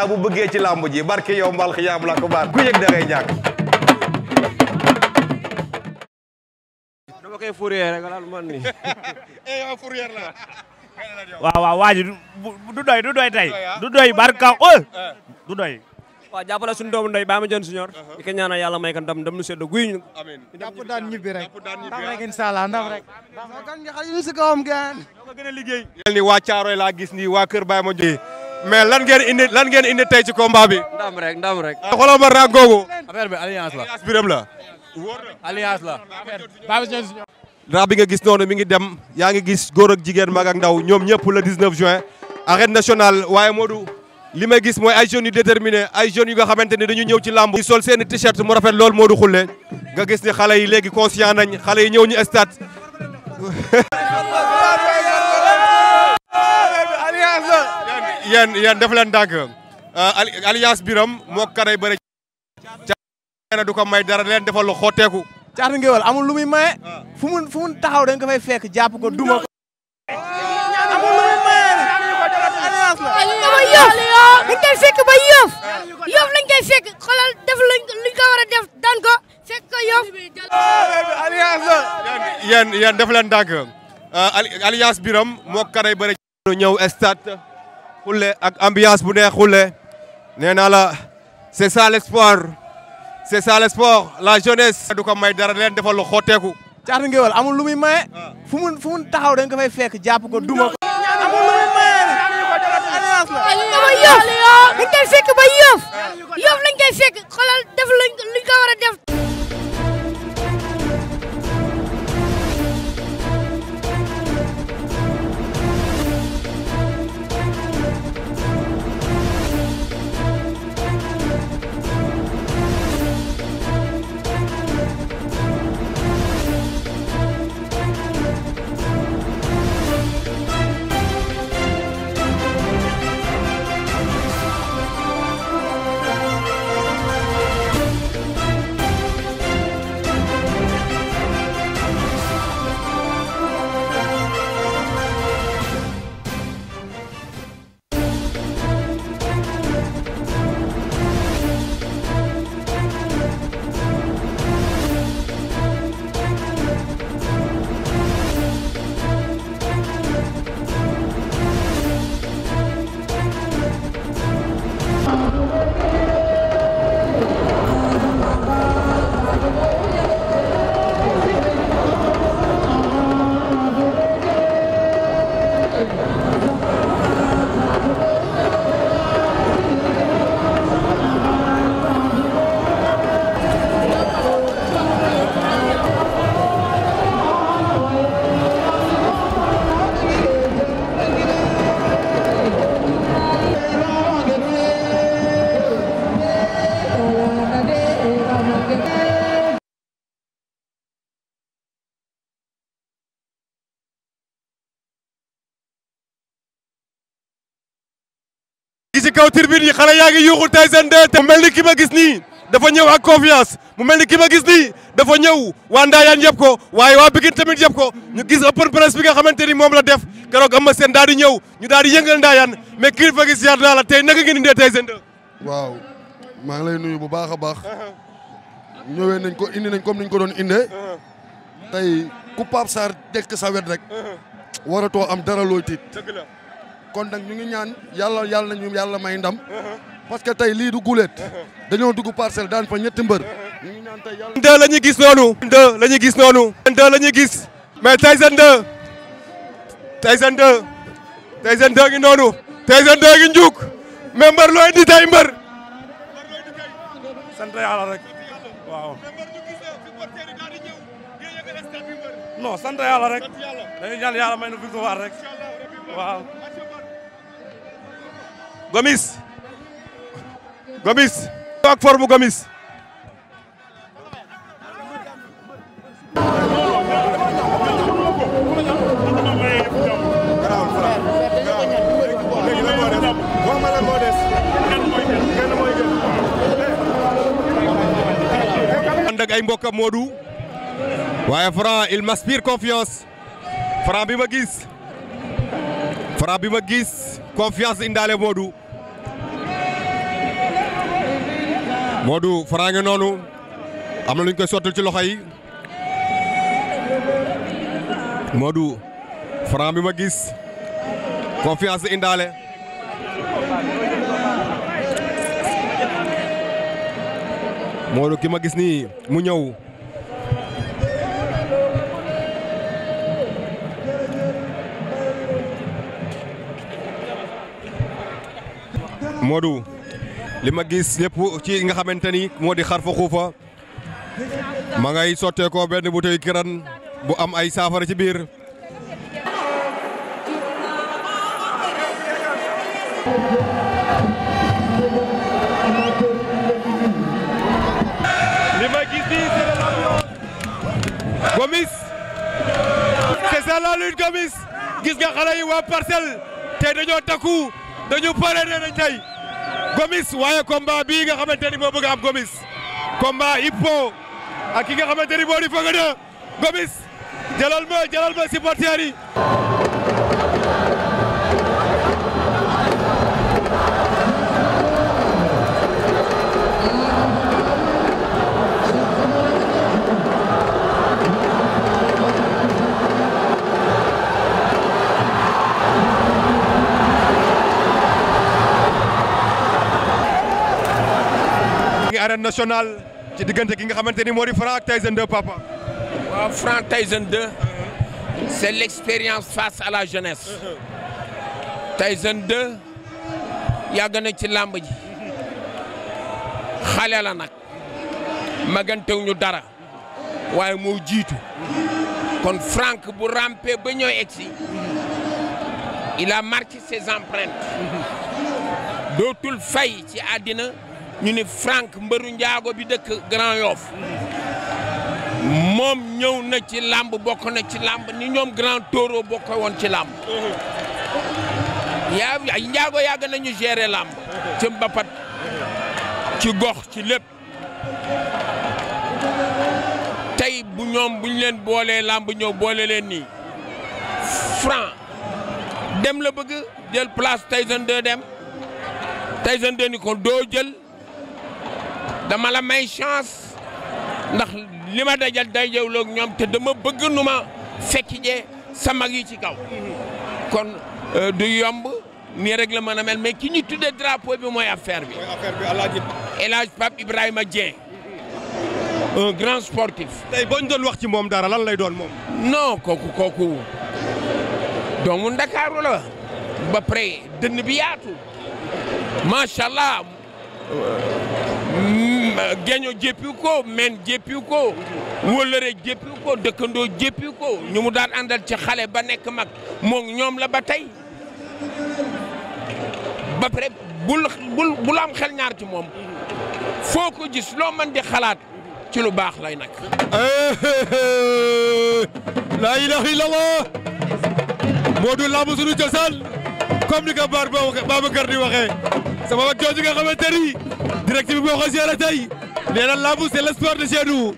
naa bu bëggee ci làmb ji barke yow mbal xiyaam la ko baar ku yëg da ngay ñàkk. dama koy fourrière rek lan man eh, du doy du doy tey du doy ah? barka oh du doy. waaw jàppale doomu ndey Baama Dieng Junior. Uh-huh. di ko ñaanal yàlla may ko ndam ndam lu guy ñu. amiin jàpp daan ñibbi rek. Ah. rek incha allah rek. ndax kan nga xam ne ñu si kawam gaan. ñoo ko gën a liggéey. laa gis nii mais lan ngeen indi lan ngeen indi tey ci combat bi. ndam rek ndam rek. Eh, xoolal ma raag googu. affaire bi alliance la alliance biram la. alliance bi nga gis noonu mi ngi dem yaa ngi gis góor ak jigéen mag ak ndaw ñoom ñëpp le 19 juin. arène nationale waaye Modou li may gis mooy ay jeunes yu déterminé ay jeunes yu nga xamante ne dañu ñëw ci làmb yi seen i t-shirt mu rafet lool Modou Khoule nga gis ni xale yi léegi conscient nañ xale yi ñëw ñu stade. alliance la. yéen yéen def leen dàgg euh, biram moo karay bëri. caatu du ko may dara leen defal lu xooteeku. caatu ngéwél amul lu muy maye. Ah. taxaw dañ ko fay fekk jàpp ko duma ko. amul lu muy maye alliance la. def ko war ko fekk ko yëf. alliance la. yéen yéen leen dàgg euh, biram moo karay bëri. ñu ñëw stade xulle ak ambiance bu neex xulle nee naa la c'est le l'espoir c'est ça l'espoir la jeunesse du ko may dara leen defal lu xooteeku Caatu Ngéwél amu lu muy maye ah. fu mu taxaw dañ ko fay fekk jàpp ko duma ko amul maye alliance la dañ koy fekk ba yëf yëf lañ koy fekk xoolal def lañ ko war def ci kaw tribune yi xale yaa ngi yuuxu Tyson 2 mu mel ni ki a gis ni dafa ñëw ak confiance mu mel ni ki ma gis ni dafa ñëw waa Ndayane yëpp ko waaye waa Pikine tamit yëpp ko ñu gis open press bi nga xamante ni moom la def keroog am na seen daal di ñëw ñu daal di yëngal Ndayane mais kii gis yar naa la tey naka ngeen indee Tyson 2. waaw maa ngi lay nuyu bu baax a baax. ñëwee nañ ko indi nañ comme ni ñu ko doon indee. tey ku Pape Sarr dekk sa wet rek. Uh-huh. waratoo am dara looy tiit. dëgg kon nag ñu ngi ñaan yàlla yàlla nañu yàlla may ndam parce que tey lii du guleet dañoo dugg parcelle daan fa ñetti mbër ñu ngi ñaan tey yàlla deux la ñu gis noonu deux la ñu gis noonu la ñu gis mais Tyson 2 mbër Gomis Gomis ak forme Gomis ànd ak ay mbokk am Modou waaye Franc il m'aspire confiance Franc bi ma gis Franc bi ma gis confiance indaale Modou Modou Franc ngi noonu am na lu ñu koy sottil ci loxo yi Modou Franc bi ma gis confiance indaale Modou ki ma gis nii mu ñëw Modou li ma gis lépp ci nga xamante ni moo di xarfa xuufa ma ngay sotteekoo benn bu tey kiran bu am ay saafara ci biir. li ma gis nii c'est de l'ambiance. Gomis c'est ça Gomis gis nga xale yi waa parcelle te dañoo takku dañu pare ne nañ tey. gomis waaye combat bii nga xamante ni moo bëgg am gomis combat Hippo ak ki nga xamante ni moo di Feugueux 2 gomis jalal ma jëlal ma supporters arène nationale ci diggante ki nga xamante ni moo di Franc ak Tyson 2 papa. waaw Franc Tyson 2. c'est l'expérience face à la jeunesse. Tyson 2 yàgg na ci làmb ji xale la nag magantewuñu dara waaye moo jiitu kon Franc bu rampé ba ñooy egsi il a marqué ses empreintes dootul fay ci àddina. ñu ni Franck mbëru njaago bi dëkk Grand Yoff moom ñëw na ci làmb bokk na ci làmb ni ñoom Grand Toro bokk woon ci làmb yaa ay njaago yàgg nañu gérer làmb ci mbapat ci gox ci lépp tey bu ñoom buñ leen boolee làmb ñëw boole leen nii Franc dem la bëgg jël place Tyson 2 dem Tyson 2 ni ko doo jël dama la may chance ndax li ma dajal dajewloog ñoom te dama bëgg nu ma fekki jee sa mag yi ci kaw kon euh, du yomb nii rek la mën a mel mais ki ñu tuddee drapeau bi mooy affaire bi. El Hadj Pape Ibrahima Dieng un grand sportif. tey boo ñu doon wax ci moom dara lan lay doon moom. non kooku kooku doomu Ndakaaru la ba pare dënn bi yaatu macha allah. geeño jéppiwu ko men jéppiwu ko wóllëre jéppiwu ko dëkkandoo jéppiwu ko ñu mu daan àndal ci xale ba nekk mag moom ñoom la ba tey ba pare bul bul bul am xel ñaar ci moom foo ko gis loo mën di xalaat ci lu baax lay nag laa ilaha illallah moo du lamb suñu cosaan comme ni ko Babacar di waxee sama mag jooju nga xamante ni direct bi boo ko géré tey nee na lamb c'est le sport de chez nous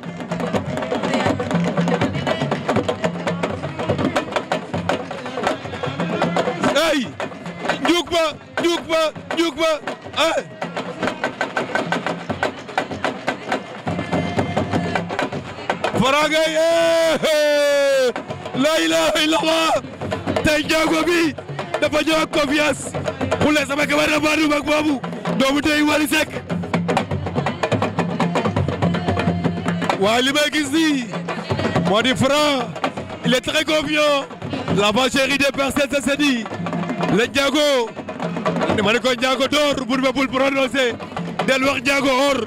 ay njuug ba njuug ba njuug ba ah farangay eh, la ilaha illallah tey njaago bi dafa ñëw ak confiance xule sama kabar na baadu mag doomu tey Wally Seck li may gis nii moo di Franc il est très confiant l'enfant chéri des Parcelles Assainies la Ndiago ma ne ko Ndiago door bur be bul prononcé del wax Ndiago or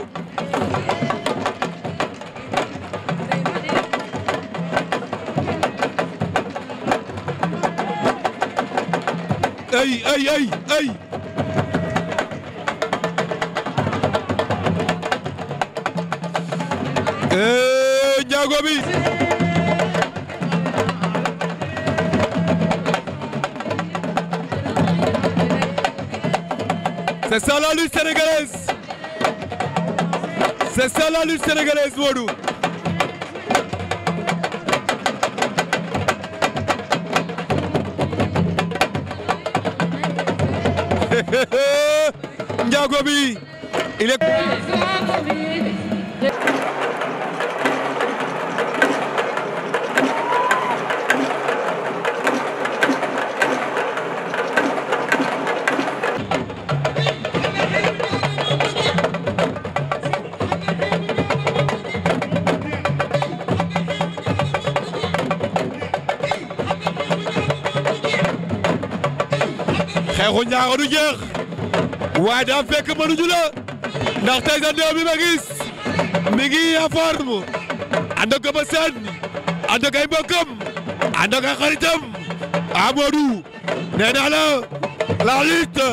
ay ay ay ay jéego bi c'est ça la lutte sénégalaise c'est ça la lutte sénégalaise Modou njaago bi il est ñaaxo du jeex waaye daa fekk mënuñu ndax tey sa néew bi ma gis mi ngi en forme ànd ak Eumeu Sène ànd ak ay mbokkam ànd ak ay xaritam Amadou nee naa la la lutte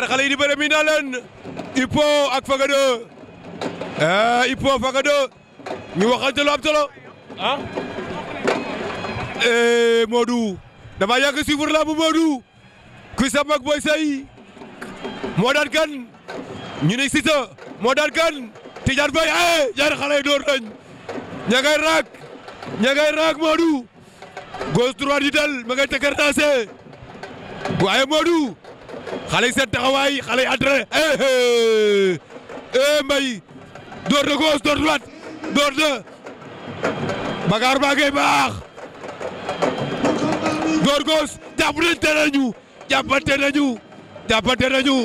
ñaari xale yi di bëre mi na leen Ippo ak Faga 2 ah eh, Ippo Faga 2 ñu waxante lu am solo ah. Eh, Modou dama yàgg suivre bu Modou ku sa mag booy moo daan kan ñu ne Siteu moo kan Tidiane Faye eh ñaari xale door nañ ña raak ña ngay raak Modou dal ma ngay tëkkër naase waaye Modou. xale yi seen taxawaay xale yi adré eh, eh. eh mbay door de gauche door droite door de bagaar baa baax door gauche jàppante nañu jàppante nañu jàppante nañu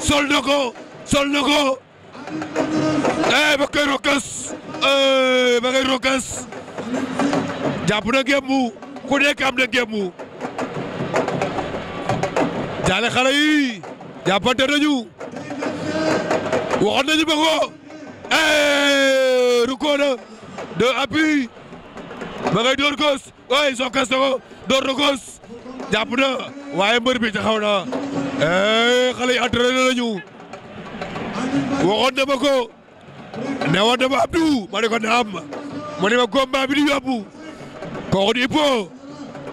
sol na ko sol na ko eh ba rokkas eh ba rokkas jàpp na gembu ku nekk am na gembu caale xale yi jàppante nañu waxoon nañu ba ko eh, rukkoo na de appui ba ngay door gos ooy sokkas na ko door na gos jàpp na waaye mbër bi taxaw na eh, xale yi entraîné nañu waxoon na ma ne woon na ma Abdou ma ne ko mu ne ma combat bi di yóbbu di Ippo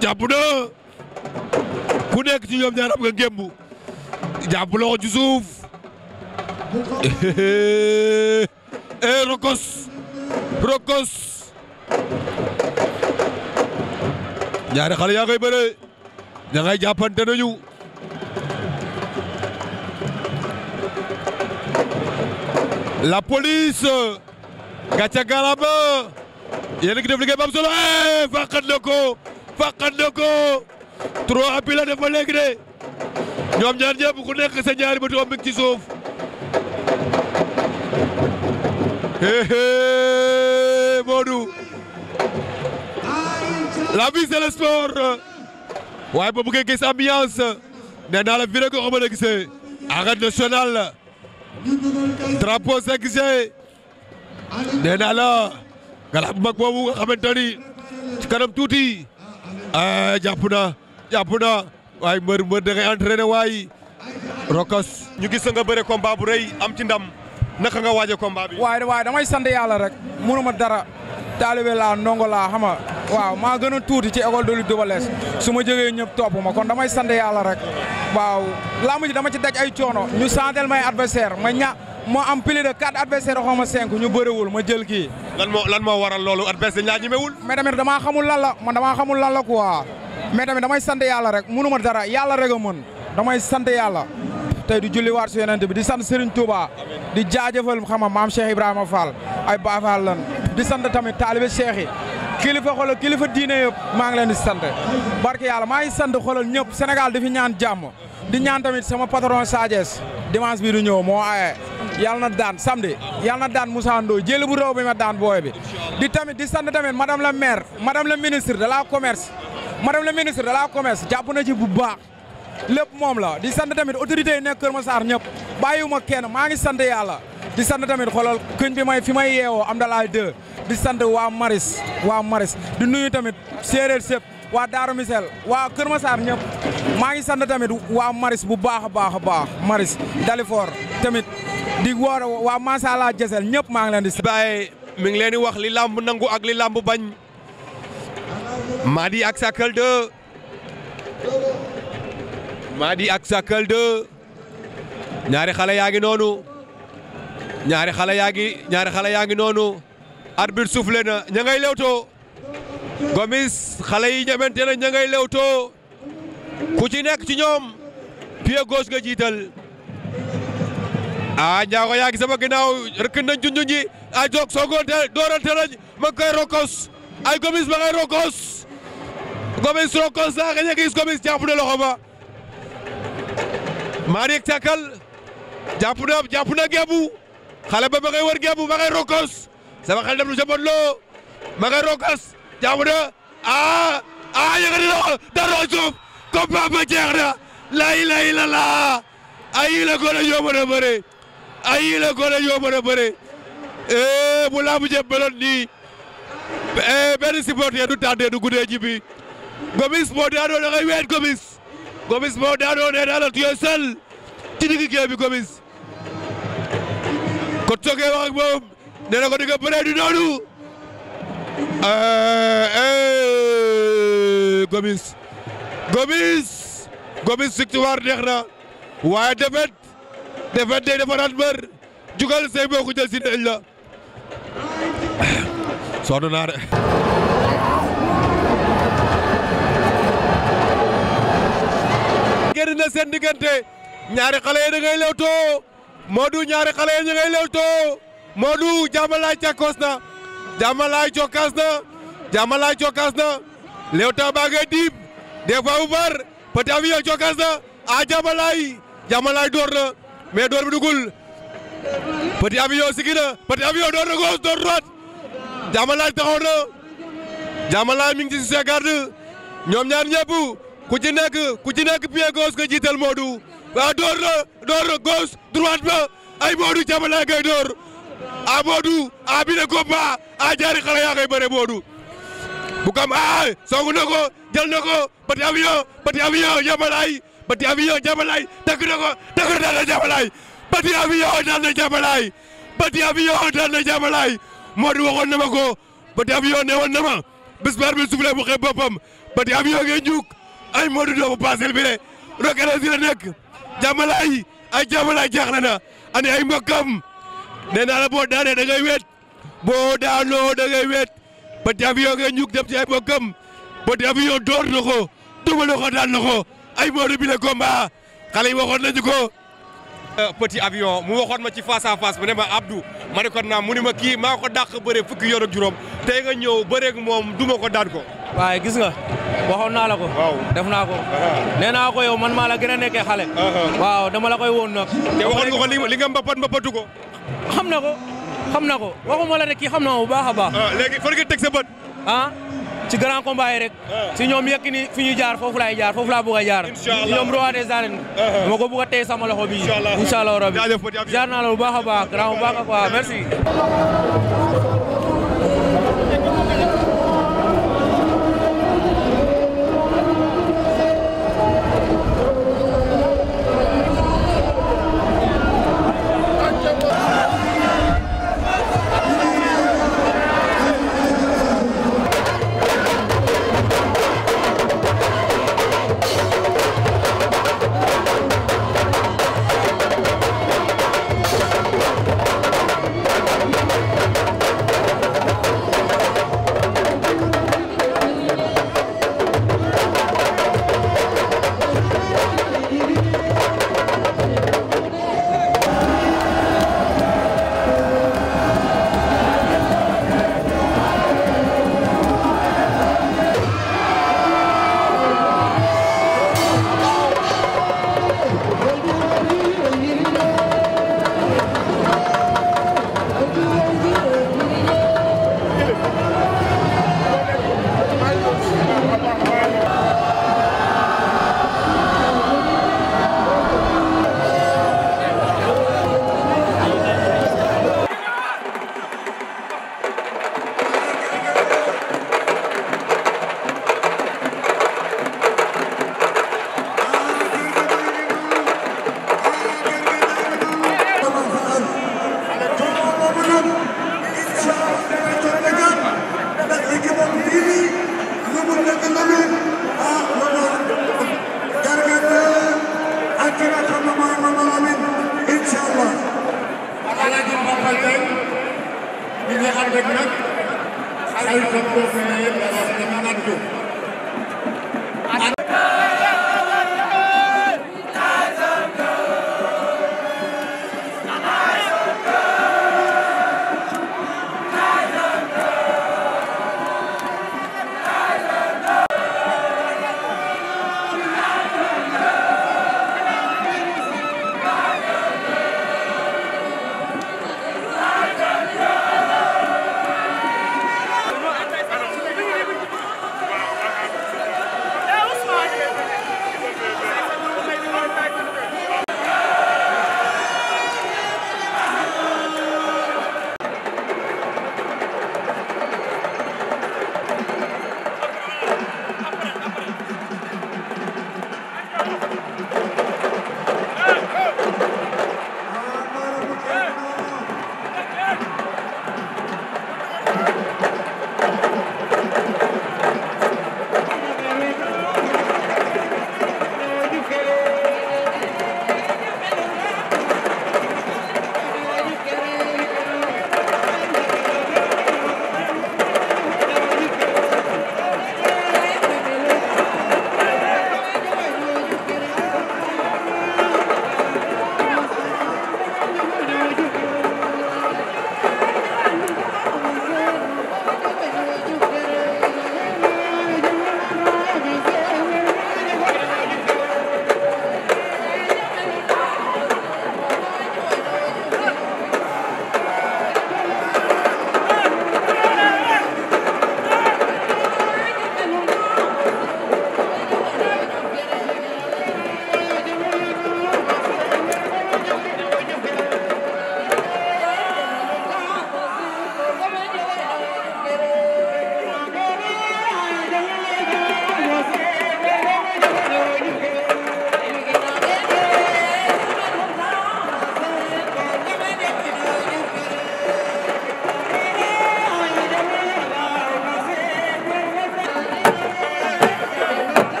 jàpp ku nekk ci ñoom ñaar am nga gémbu jàpp loxo ci eh, rokos rokos ñaari xale yaa ngay bëre ña ngay jàppante nañu la police gàcce garab yéen a ngi def liggéey ba solo eh fàqat na ko fàqat na ko trois appuis la def ñoom ñaar ñëpp ku nekk sa ñaari bët yoo mi ngi ci suuf. Modou la vie c'est sport waaye ba bëggee ambiance nee naa la fii rek nga ko mën a gisee arène nationale drapeau sa gisee nee naa la galax bu mag boobu nga xamante ci kanam tuuti ah, jàpp na. jàpp na waaye mbër mbër da ngay entraîné waay Rokas. ñu gis nga bëre combat bu rëy am ci ndam naka nga waaje combat bi. waaye waaye damay sant yàlla rek mënuma dara. taalibe laa ndongo laa xam nga waaw maa gën tuuti ci école de lutte su ma jógee ñëpp topp ma kon damay sant yàlla rek waaw làmb ji dama ci daj ay coono ñu santel may adversaire ma ña ma am plus de quatre adversaires xaw ma cinq ñu bëriwul ma jël kii. lan moo lan moo waral loolu adversaire ñaa ñemewul. la man mais tamit damay sant yàlla rek mënuma dara yàlla rek a mën damay sant yàlla tey di julliwaat si yonent bi di sant Serigne Touba di jaajëfal xam nga maam Cheikh Ibrahima Fall ay Baay lan di sant tamit taalibe Cheikh yi kilifa xoolal kilifa diine yëpp maa ngi leen di sant barke yàlla maa ngi sant xoolal ñëpp Sénégal di fi ñaan jàmm di ñaan tamit sama patron Sadiès dimanche bii du ñëw moo aaye yàlla na daan samedi yàlla na daan Moussa Ndoye jëli bu réew ma daan booy di tamit di sant tamit madame la maire madame la ministre de la commerce madame la ministre de la commerce jàpp na ci bu baax lépp moom la di sant tamit autorités yi nekk Kër Massar ñëpp bàyyiwuma kenn maa ngi sant yàlla di sant tamit xoolal këñ bi may fi may yeewoo am dalaa deux di sant waa Maris waa Maris di nuyu tamit séeréer sëpp waa Daaru Misel waa Kër Massar ñëpp maa ngi sant tamit waa Maris bu baax a baax a baax Maris Dalifor tamit di woor waa Massala Jesel ñëpp maa ngi leen di. Baye mi ngi leen di wax li làmb nangu ak li làmb bañ. Mady ak Sakal ak Sakal 2 ñaari xale yaa noonu ñaari xale yaa ñaari xale yaa ngi noonu arbitre soufflé na ña ngay lewtoo Gomis xale yi ñemente na ña ngay lewtoo ku ci nekk ci ñoom pied gauche nga jiital a ah, Ndiago yaa sama ginnaaw rëkk nañ junjun ji a jog soogoonte doorante nañ ma ngi rokos ay Gomis ma ngay rokos Gomis trop constant xëy na gis Gomis jàpp na loxo ba Malick Thiakal jàpp na jàpp na gebu ba ba wër gebu ba ngay rokkos sama xel dem lu loo ma ngay rokkos jàpp na ah ah yëngati loxo dara loxo suuf combat ba la ilaha illallah ayi gone yoo a bëre ayi la gone yoo mën a bëre eh, bu laabu jëm meloon nii eh, benn supporter du tardé du guddee Gomis boo daanoo da ngay weet Gomis Gomis boo daanoo nee naa la tuyoo sel ci Gomis ko toogee wax ak moom nee ko di nga bëree du noonu eh, eh, Gomis Gomis Gomis victoire neex na waaye defet defet day defaraat mbër jugal say boo ko jël si nañ la sonn naa de xarit na seen diggante ñaari xale yi da ngay lewtoo Modou ñaari xale yi ñu ngay lewtoo Modou Diamalaye càkkoos na Diamalaye cokkaas na Diamalaye cokkaas na lewta baa ngay diib des fois bu bar Petit Avion cokkaas na ah Diamalaye Diamalaye door na door bi dugul Petit Avion sigi na Petit Avion door na gauche door droite Diamalaye taxaw na Diamalaye mi ngi ci ñoom ñaar ñëpp ku ci nekk ku ci nekk pied gauche nga jiital Modou waaw door door na gauche droite ba ay Modou Diamalaye ngay door a ah, Modou a ah, bi ne ko a ah, jaari xale yaa ngay bëre Modou bu kam a songu na ko jël bati avion bati avion Diamalaye bati avion Diamalaye takk na ko takk bati avion daal na Diamalaye bati avion ma ko bati avion ne woon na ma bu arbitre bi soufflé bati avion ngay ñuuk ay Modou doomu Parcelles bi de Rock Énergie la nekk jàmmalaay ay jàmmalaay jaaxle na ani ay mbokkam nee naa la boo daanee da ngay weet boo daanoo da ngay weet petit avion nga ñuk dem ci ay mbokkam petit avion door na ko duma na ko daan na ko ay Modou bi ko combat xale yi waxoon nañu ko. Euh, petit avion mu waxoon ma ci face à face bu ne ma Abdou ma ne ko naam mu ni ma kii maa ko dàq bëre fukki yoon ak juróom tey nga ñëw bëreeg moom duma ko daan ko. waaye gis nga waxoon naa la ko. waaw def naa ko. nee naa ko yow man maa la gën a xale. waaw dama la koy woon nag. te waxoon nga ko li nga mbapat mbapatu ko. xam na ko xam na ko waxuma la ne kii xam na bu baax a baax. Ah, léegi fan nga teg sa bët. ah ci grand combat yi rek. Ah. ci ñoom Yékini fi ñu jaar foofu laay jaar foofu laa bëgg jaar. incha allah ñoom roi des arènes. dama a téye sama loxo bi jaar naa la bu baax a baax grand bu baax a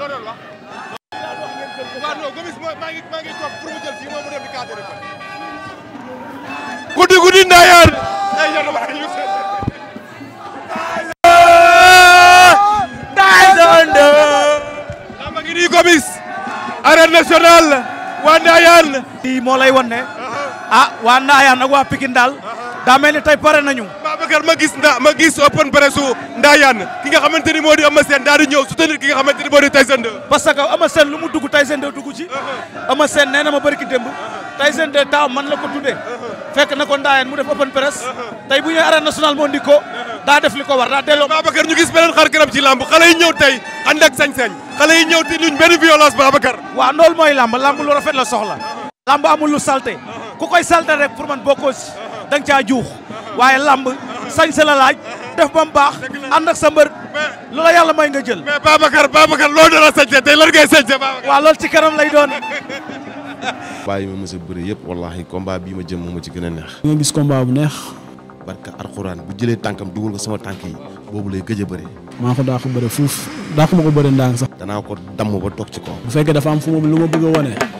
loo doon wax. waaw non Gomis maa ngi maa ngi toog pour mu jël fii moom mu dem di cadre rek. guddi guddi ndaayaan. lamba ngi nii Gomis. arène nationale. waa ndaayaan. lii moo lay wan ne. Uh-huh. ah waa ndaayaan ak waa Pikine daal. Uh-huh. daa mel ni tey pare nañu. Babacar ma gis nda ma gis open presse ndaa yaan ki nga xamante ni moo di Eumeu Sène daal di ñëw soutenir ki nga xamante moo di Tyson 2 parce que lu mu dugg Tyson 2 dugg ci uh-huh. Eumeu Sène nee ma bërki démb uh-huh. Tyson 2 taaw man la ko tuddee uh-huh. fekk na ko ndaayaan mu def open press tey bu ñëwee arène nationale moo daa def li ko war daa delloo Babacar ñu gis beneen xar kanam ci làmb xale yi ñëw tey ànd ak xale yi ñëw ti luñ benn violence Babacar waaw loolu lu rafet la soxla def ba mu baax ànd ak sa mbër loola yàlla may nga jël. mais Babacar Babacar loolu doon a sañse tey lan ngay sañse Babacar. waaw loolu ci kanam lay doon. combat yi ma mës a bëri yëpp wallaahi bii ma jëm moo ma ci gën a neex. nga gis combat bu neex. barka alxuraan bu jëlee tànkam dugal ko sama tànk yi boobu lay gëj a bëri. maa ko daa ko bëri fuuf daa ko ma ko bëri ndànk sax. danaa ko damm ba toog ci kaw. bu fekkee dafa am fu mu lu ma bëgg a